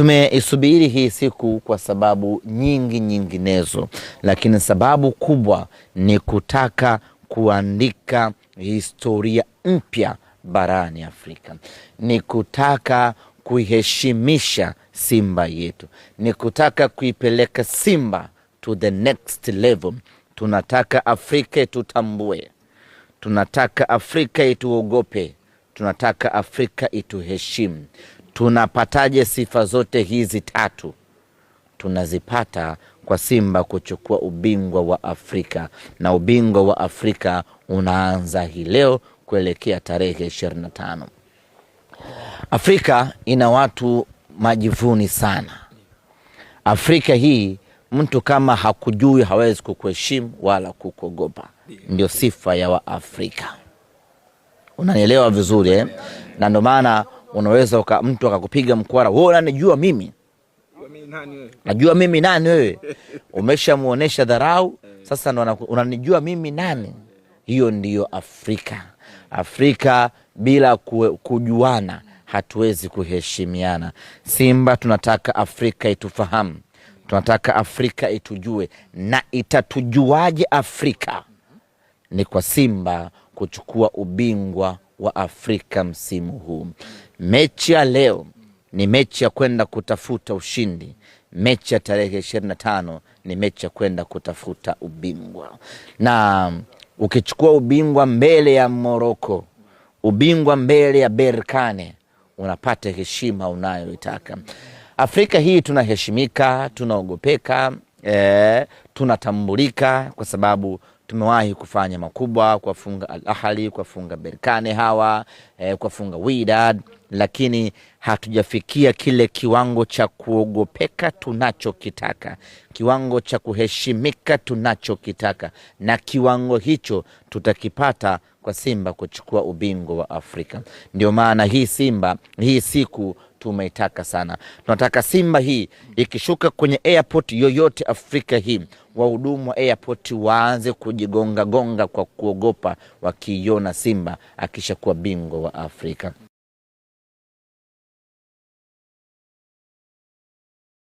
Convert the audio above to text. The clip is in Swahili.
Tumeisubiri hii siku kwa sababu nyingi nyinginezo, lakini sababu kubwa ni kutaka kuandika historia mpya barani Afrika, ni kutaka kuiheshimisha Simba yetu, ni kutaka kuipeleka Simba to the next level. Tunataka Afrika itutambue, tunataka Afrika ituogope, tunataka Afrika ituheshimu. Tunapataje sifa zote hizi tatu? Tunazipata kwa Simba kuchukua ubingwa wa Afrika, na ubingwa wa Afrika unaanza hii leo kuelekea tarehe 25. Afrika ina watu majivuni sana. Afrika hii mtu kama hakujui hawezi kukuheshimu wala kukuogopa, ndio sifa ya Waafrika. Unanielewa vizuri eh? na ndio maana unaweza uka mtu akakupiga mkwara, wewe unanijua mimi, najua mimi nani wewe. Umeshamuonesha dharau, sasa ndo unanijua mimi nani. Hiyo ndiyo Afrika. Afrika bila kujuana hatuwezi kuheshimiana. Simba tunataka Afrika itufahamu, tunataka Afrika itujue. Na itatujuaje Afrika? Ni kwa Simba kuchukua ubingwa wa Afrika msimu huu. Mechi ya leo ni mechi ya kwenda kutafuta ushindi. Mechi ya tarehe ishirini na tano ni mechi ya kwenda kutafuta ubingwa, na ukichukua ubingwa mbele ya Moroko, ubingwa mbele ya Berkane, unapata heshima unayoitaka. Afrika hii tunaheshimika, tunaogopeka e, tunatambulika kwa sababu tumewahi kufanya makubwa, kuwafunga Al Ahli, kuwafunga Berkane hawa e, kuwafunga Wydad, lakini hatujafikia kile kiwango cha kuogopeka tunachokitaka, kiwango cha kuheshimika tunachokitaka, na kiwango hicho tutakipata kwa Simba kuchukua ubingwa wa Afrika. Ndio maana hii Simba hii siku tumeitaka sana. Tunataka Simba hii ikishuka kwenye airport yoyote Afrika hii, wahudumu wa airport waanze kujigongagonga kwa kuogopa, wakiiona Simba akishakuwa bingwa wa Afrika.